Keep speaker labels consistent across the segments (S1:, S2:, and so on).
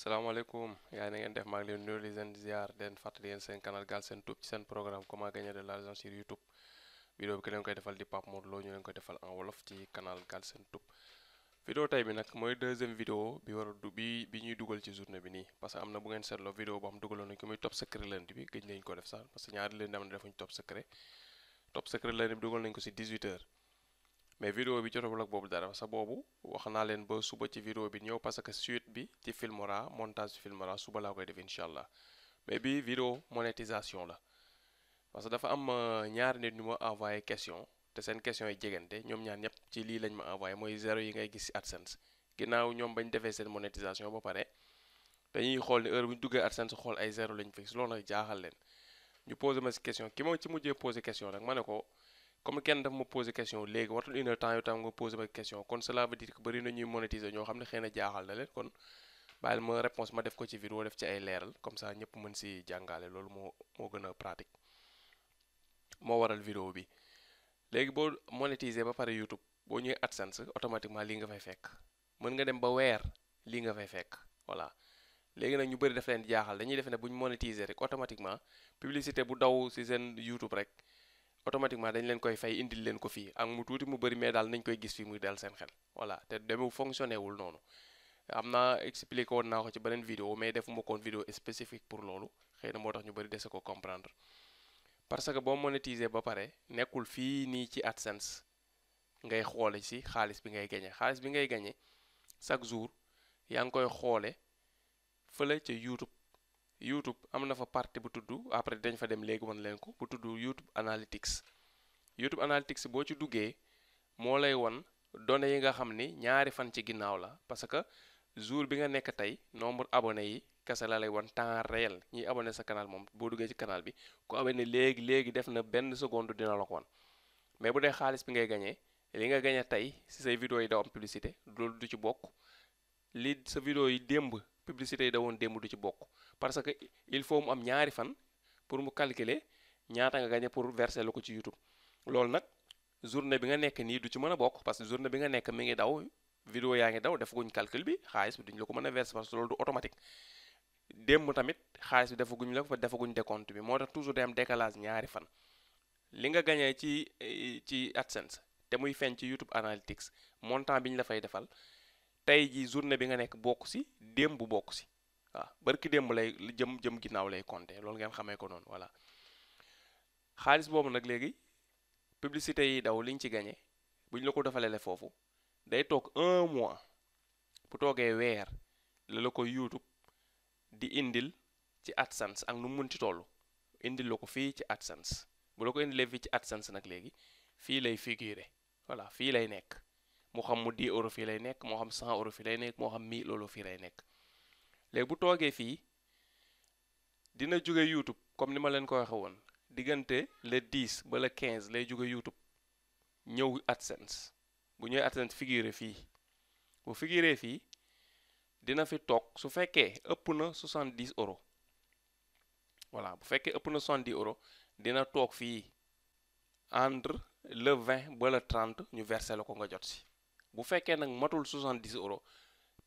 S1: salaamaaleykum yaa na ngeen def maa ngi leen nuyu leen ziar den fàttali yéen seen canal Galsen Tube ci seen programme comment gagner de l'argent sur YouTube vidéo bi ki leen koy defal di Pape Mor Lo ñu leen koy defal en wolof ci canal Galsen bi nag mooy deuxième vidéo dugal ci journée bi nii parce que am na bu ngeen seetloo vidéo boo xam dugaloon nañ ko muy top secret lundi bi gëj nañ ko def sax parce ñaari lundi am na defuñ top secret top secret lundi bi dugal nañ ko si 18 mais vidéo bi jotagul ak boobu dara sa boobu wax naa leen ba suba ci vidéo bi ñëw parce que suite bi ci filmora montage ci filmora suba laa koy def incha allah mais bi vidéo monétisation la parce que dafa am euh, ñaari nit ñu ma envoyé question te seen question yi jegante ñoom ñaar ñëpp ci lii lañ ma envoyé mooy zéro yi ngay gis ci AdSense ginnaaw ñoom bañ defee seen monétisation ba pare dañuy xool ne heure bu ñu duggee AdSense xool ay zéro lañ fixe loolu nag jaaxal leen ñu posé ma si question ci mujjee posé question nag ma ne ko comme kenn daf ma posé question léegi wartul une heure temps yow tam nga posé ma question kon cela veut dire que bëri na ñuy monétiser ñoo xam ne xëy na jaaxal na leen kon bàyyil ma réponse ma def ko ci vidéo def ci ay leeral comme sa ñëpp mën si jàngaale loolu moo moo gën a pratique moo waral vidéo bi léegi boo monétiser ba pare YouTube boo ñëwee AdSense automatiquement lii nga fay fekk mën nga dem ba weer lii nga fay fekk voilà léegi nag ñu bëri dafa leen jaaxal dañuy defe ne bu ñu monétiser rek automatiquement publicité bu daw si seen YouTube rek automatiquement dañ leen koy fay indil leen ko fii ak mu tuuti mu bëri mais daal nañ koy gis fii muy dal seen xel voilà te demew fonctionné wul noonu am naa expliqué woon naa ko ci beneen vidéo mais defuma koon vidéo spécifique pour loolu xëy na moo tax ñu bëri dese ko comprendre parce que boo monétiser ba pare nekkul fii nii ci AdSense ngay xoole si xaalis bi ngay gañe xaalis bi ngay gañe chaque jour yaa ngi koy xoole fële ca YouTube YouTube am na fa partie bu tudd après dañ fa dem léegi wan leen ko bu tudd YouTube Analytics YouTube Analytics boo ci duggee moo lay wan données yi nga xam ni ñaari fan ci ginnaaw la parce que jour bi nga nekk tey nombre abonné yi kese la lay wan temps réel ñiy abonné sa canal moom boo duggee ci canal bi ku abonné léegi léegi def na benn seconde dina la ko mais bu dee xaalis bi ngay gañee li nga gañe tey si say vidéo yi daw am publicité du ci bokk li sa vidéo yi démb publicité yi dawoon démb du ci bokk parce que il faut mu am ñaari fan pour mu calculer ñaata nga gagné pour verser la ko ci YouTube loolu nag journée bi nga nekk nii du ci mën a bokk parce que journée bi nga nekk mi ngi daw vidéo yaa ngi daw defaguñ calcul bi xaalis bi duñ la ko mën a verser parce que loolu du automatique démb tamit xaalis bi defaguñ la ko defaguñ décompte bi moo tax toujours day am décalage ñaari fan li nga gañee ci ci AdSense te muy feeñ ci YouTube Analytics montant bi ñu la fay defal tey ji journée bi nga nekk bokk si démb bu bokk si waaw barki démb lay jëm jëm ginnaaw lay compter loolu ngeen xamee ko noonu voilà xaalis boobu nag léegi publicité yi daw liñ ci gañe bu ñu la ko defaleele foofu day toog un mois bu toogee weer la la ko YouTube di indil ci AdSense ak nu mu munti toll indil la ko fii ci AdSense bu la ko indilee fii ci AdSense nag léegi fii lay figurer voilà fii lay nekk moo xam mu di euro fii lay nekk moo xam 100 euro fii lay nekk moo xam mii euro fii lay nekk. léegi bu toogee fii dina jóge YouTube comme ni ma leen ko waxee woon diggante le 10 ba le 15 lay jóge YouTube ñëw AdSense bu ñëw AdSense figuré fii bu figuré fii dina fi toog su fekkee ëpp na 70 euros voilà bu fekkee ëpp na 70 euros dina toog fii entre le 20 ba le 30 ñu versé ko nga jot si bu fekkee nag matul 70 euros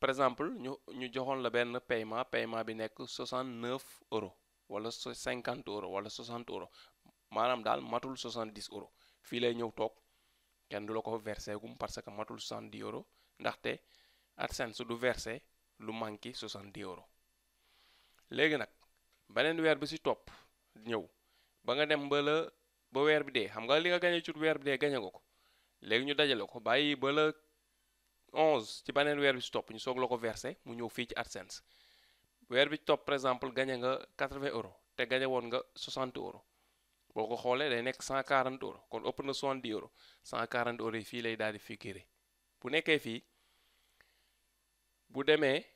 S1: par exemple ñu ñu joxoon la benn paiement paiement bi nekk 69 euros wala 50 euros wala 60 euros maanaam daal matul 70 euros fii lay ñëw toog kenn du la ko verse gum parce que matul 70 euros ndaxte AdSense du verse lu manqué 70 euros léegi nag beneen weer bi ci topp ñëw ba nga dem ba ba weer bi dee xam nga li nga gañe ci weer bi dee gañe nga ko léegi ñu dajale ko bàyyi ba 11 ci beneen weer bi topp ñu soog la ko versé mu ñëw fii ci AdSense weer bi ci par exemple gagné nga 80 euros te gagné woon nga 60 euros boo ko xoolee day nekk cent quarante euros kon ëpp na 70 euros 140 euros yi fii lay daal di figurer bu nekkee fii bu demee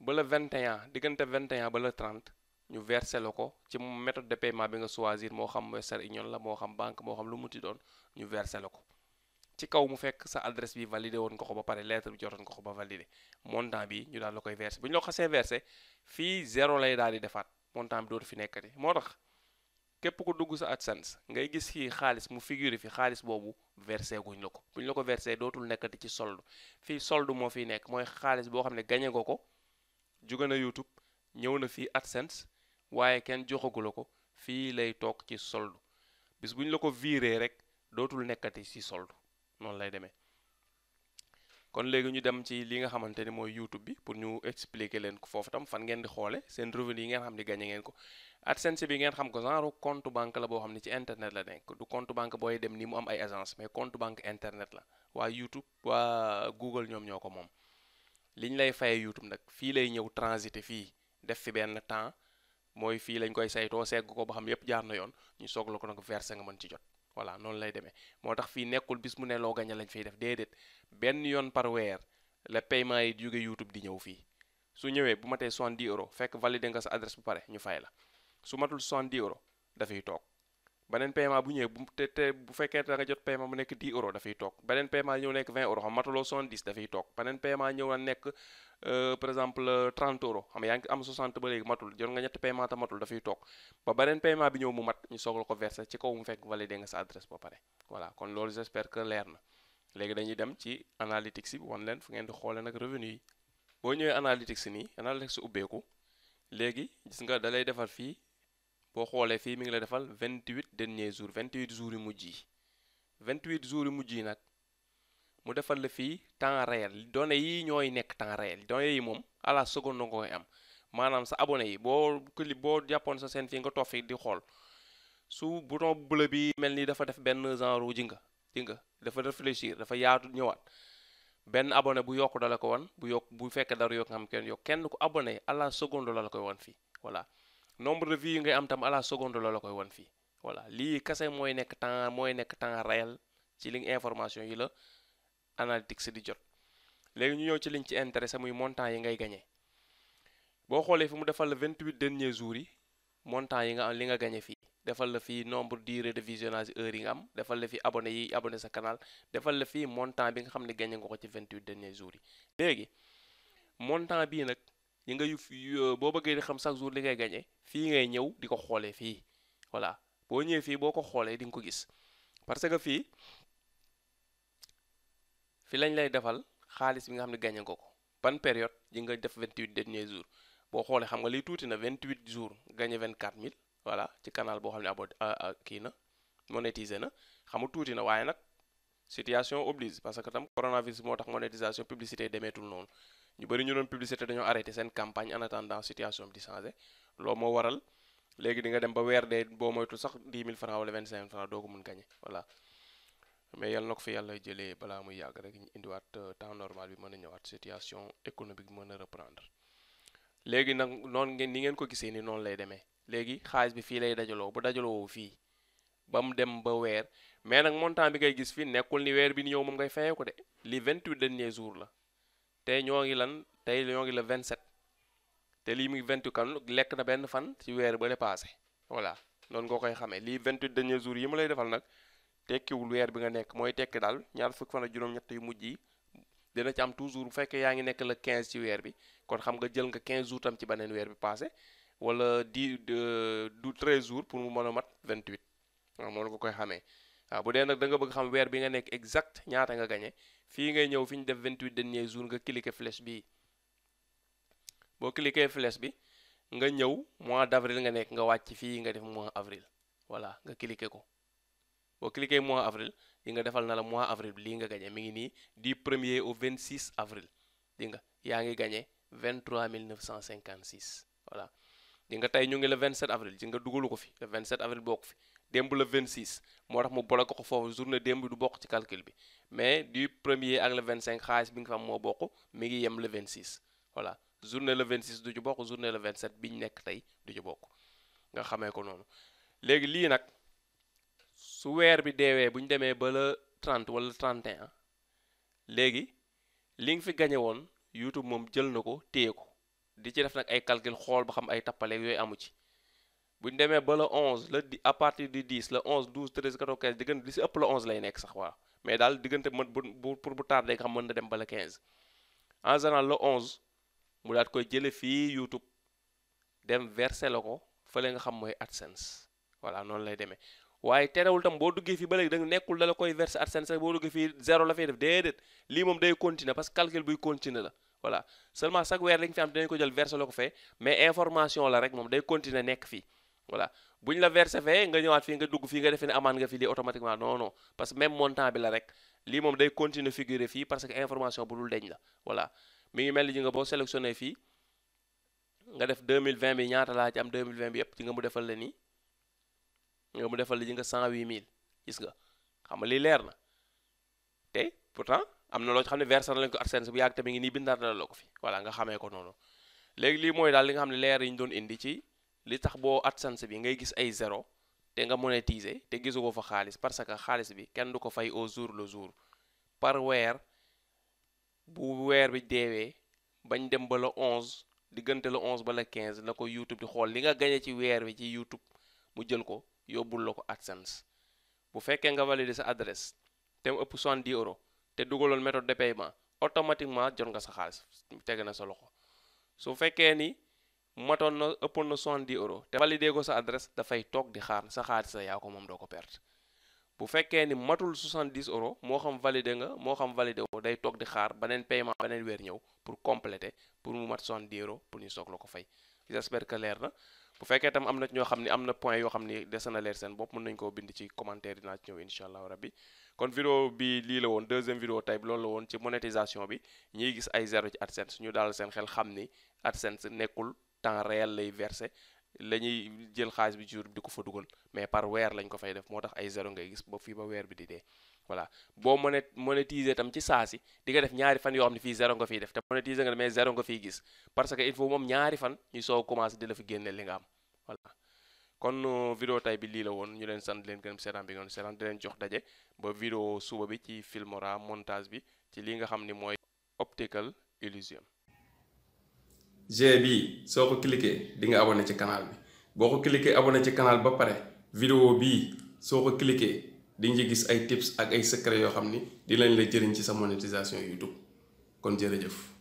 S1: ba le 21 diggante 21 ba le 30 ñu versé la ko ci méthode de paiement bi nga choisir moo xam Western Union la moo xam banque moo xam lu mu ti doon ñu versé la ko. ci kaw mu fekk sa adresse bi validé woon nga ko ba pare lettre bi jotoon nga ko ba validé montant bi ñu daal la koy versé bu ñu la ko xasee versé fii zéro lay daal di defaat montant bi dootu fi nekkati moo tax képp ku dugg sa AdSense ngay gis fii xaalis mu figure fi xaalis boobu versé guñ la ko bu la ko versé dootul nekkati ci solde fii solde moo fiy nekk mooy xaalis boo xam ne gañe nga ko jóge na YouTube ñëw na fii AdSense waaye kenn joxagu ko fii lay toog ci solde bis bu la ko viré rek dootul nekkati ci solde noonu lay demee kon léegi ñu dem ci li nga xamante ni mooy YouTube bi pour ñu expliquer leen ko foofu tam fan ngeen di xoole seen revenu yi ngeen xam ni gagné ngeen ko AdSense bi ngeen xam ko genre compte banque la boo xam ne ci internet la nekk du compte banque booy dem ni mu am ay agence mais compte banque internet la waaye YouTube waa Google ñoom ñoo ko moom li ñu lay fayee YouTube nag fii lay ñëw transité fii def fi benn temps mooy fii lañ koy saytoo segg ko ba xam yépp jaar na yoon ñu soog la ko nag versé nga mën ci jot voilà noonu lay demee moo tax fii nekkul bis mu ne loo gañe lañ fiy def déedéet benn yoon parweer la payment yi jóge YouTube di ñëw fii su ñëwee bu matee di euros fekk validé nga sa adresse bu pare ñu fay la su matul di euros dafay toog beneen paiement bu ñëwee bu te te bu fekkee da nga jot paiement mu nekk 10 euros dafay toog beneen paiement ñëw nekk 20 euros xam matuloo 70 dafay toog beneen paiement ñëw na nekk euh, par exemple 30 euh, euros xam yaa ngi am 60 ba léegi matul jot nga ñetti paiement te matul dafay toog ba beneen paiement bi ñëw mu mat ñu soog la ko verser ci kaw mu fekk validé nga sa adresse ba pare voilà kon loolu j'espère que leer na léegi dañuy dem ci analytics yi wan leen fu ngeen di xoolee nag revenu yi boo ñëwee analytics nii analytics ubbeeku léegi gis nga da lay defal fii boo xoolee fii mi ngi la defal 28 derniers jours 28 jours yu mujj yi vingt 28 jours yu mujj yi nag mu defal la fii temps réel données yi ñooy nekk temps réel données yi moom à la nga koy am maanaam sa abonné yi boo clip boo jàppoon sa seen fii nga toog fii di xool su bouton bleu bi mel ni dafa def benn genre ji nga ji nga dafa réfléchir dafa yaatu ñëwaat benn abone bu yokk dala ko wan bu yokk bu fekkee dara yokk nga xam kenn yokk kenn ku abonné à la seconde koy wan fii voilà nombre de vues yi ngay am tam à la seconde la la koy wan fii voilà lii kase mooy nekk temps mooy nekk temps reyal ci li information yi la analytics di jot léegi ñu ñëw ci liñ ci intéressé muy montant yi ngay gagné boo xoolee fi mu defal la 28 derniers jours yi montant yi nga am li nga gañe fii defal la fii nombre durée de visionnage heure yi nga am defal la fi abonné yi abonné sa canal defal la fii montant bi nga xam ne gagné nga ko ci 28 derniers jours yi léegi montant bii nag. yi nga yu boo bëggee di xam chaque jour li ngay gagné fii ngay ñëw di ko xoolee fii voilà boo ñëwee fii boo ko xoolee di nga ko gis parce que fii fi lañ lay defal xaalis bi nga xam ne gagné nga ko ban période yi nga def 28 derniers jours boo xoolee xam nga liy tuuti na vingt 28 jours gagné 24 000 voilà ci canal boo xam ne abo kii na monétisé na xam nga tuuti na waaye nag situation oblige parce que tam coronavirus moo tax monétisation publicité demeetul noonu ñu bëri ñu doon publicité dañoo arrêté seen campagne en attendant situation bi loo moo waral léegi di nga dem ba weer dee boo moytu sax 10 000 francs wala 25 000 francs doo ko mun gañe voilà mais yal na ko fi yàlla jëlee balaa muy yàgg rek ñu indiwaat euh, temps normal bi mën a ñëwaat situation économique bi mën a reprendre léegi nag noonu ngeen ni ngeen ko gisee ni noonu lay demee léegi xaalis bi fii lay dajaloo bu dajaloo fii ba mu dem ba weer mais nag montant bi ngay gis fii nekkul ni weer bi ni ñëw moom ngay fayee ko de li 28 derniers jours la tey ñoo ngi lan tey ñoo ngi vingt 27 te lii muy 28 kan lekk na benn fan ci weer ba le passé voilà noonu nga koy xamee lii 28 derniers jours yi ma lay defal nag tekkiwul weer bi nga nekk mooy tekki daal ñaar fukk fan ak juróom-ñett yu mujj yi dina ci am toujours bu fekkee yaa ngi nekk la quinze ci weer bi kon xam nga jël nga quinze jour tam ci beneen weer bi passé wala 10 du 13 jours pour mu mën a mat 28 waaw noonu nga koy xamee bu dee nag da bëgg xam weer bi nga nekk exact ñaata nga gañe fii ngay ñëw fi ñu def 28 derniers jours nga cliquer flèche bi boo cliquer flèche bi nga ñëw mois d'avril nga nekk nga wàcc fii nga def mois avril voilà nga cliquer ko boo cliquer mois avril di nga defal na la mois avril li nga gagné mi ngi nii du premier au vingt 26 avril di nga yaa ngi gagné 23 956 voilà di nga tey ñu ngi la le 27 avril di nga dugalu ko fi le 27 avril bokk fi démb vingt 26 moo tax mu boole ko foofu journée démb du bokk ci calcul bi mais du premier ak vingt 25 xaalis bi nga xam moo bokk mi ngi yem le 26 voilà journée le 26 du ci bokk journée le 27 bi ñu nekk tey du ci bokk nga xamee ko noonu léegi lii nag su weer bi deewee bu ñu demee ba le 30 wala 31 léegi li nga fi gañe woon YouTube moom jël na ko téye ko di ci def nag ay calcul xool ba xam ay tappaleeg yooyu amu ci bu ñu demee ba le 11 le di à partir du 10 le 11 12 13 14 15 diggante li si ëpp le 11 lay nekk sax waaw mais daal diggante mën bu pour bu tardé nga xam mu daat koy jëlee fii YouTube dem versé la ko fële nga xam mooy AdSense voilà noonu lay demee waaye terewul tam boo duggee fii ba léegi da nga nekkul da la koy versé AdSense rek boo duggee fii zéro la fay def déedéet lii moom day continuer parce que calcul buy continuer la. voilà seulement chaque weer li nga fi am dinañ ko jël versé la ko fee mais information la rek moom day continuer nekk fii. voilà bu ñu la versé fee nga ñëwaat fii nga dugg fii nga defee ne amaan nga fi lii automatiquement non non parce que même montant bi la rek lii moom day continuer figurer ngi mel ni ji nga boo sélectionné fii nga def 2020 bi ñaata laa ci am 2020 bi yëpp ci nga mu defal la nii nga mu defal la gis nga xam nga lii leer na te pourtant am na loo xam ne versé na lañ ngi nii bindaat na ko fi voilà nga xamee ko noonu léegi lii mooy daal li nga xam ne leer yi ñu doon indi ci. li tax boo AdSense bi ngay gis ay zéro te nga monétiser te gisu ko fa xaalis parce que xaalis bi kenn du ko fay au jour le jour par weer bu weer bi deewee bañ dem ba le 11 diggante le onze ba quinze la ko YouTube di xool li nga gañe ci weer bi ci YouTube mu jël ko yóbbul la ko AdSense bu fekkee nga valider sa adresse te ëpp son 70 euros te dugaloon méthode de paiement automatiquement jot nga sa xaalis tege na sa loxo su fekkee ni. matoon na ëppoon na soixante-dix euros te validé ko sa adresse dafay toog di xaar sa xaalis sa yaa ko moom doo ko perte bu fekkee ni matul soixante-dix euros moo xam validé nga moo xam validé woo day toog di xaar beneen paiement beneen weer ñëw pour compléter pour mu mat soixante-dix euros pour ñu soog la ko fay j'espère que leer na bu fekkee tam am na ñoo xam ni am na point yoo xam ni des na leer seen bopp mën nañu koo bind ci commentaire dinaa ci ñëw incha allahu rabbi kon bi lii la woon deuxième tey loolu woon ci monétisation bi ñiy gis ay zéro ci AdSense ñu daal seen xel xam ni AdSense nekkul temps réel lay versé la ñuy jël xaalis bi jour di ko fa dugal mais par weer lañ ko fay def moo tax ay zéro ngay gis ba fii ba weer bi di dee voilà boo monet monétiser tam ci saa si di def ñaari fan yoo xam ne fii zéro nga fiy def te monétiser nga mais zéro nga fiy gis parce que il faut moom ñaari fan ñu soo commencé di la fi génne li nga am voilà kon euh, vidéo bi lii la woon ñu leen san leen gërëm seetaan bi ngoon seetaan di leen jox daje ba vidéo suba bi ci Filmora montage bi ci li nga xam ni mooy Optical Illusion G bi soo ko cliquer di nga na ci canal bi boo ko cliquer na ci canal ba pare vidéo bii soo ko cliquer di nga gis ay tips ak ay secret yoo xam ni di lañ la jëriñ ci sa monétisation YouTube kon jërëjëf.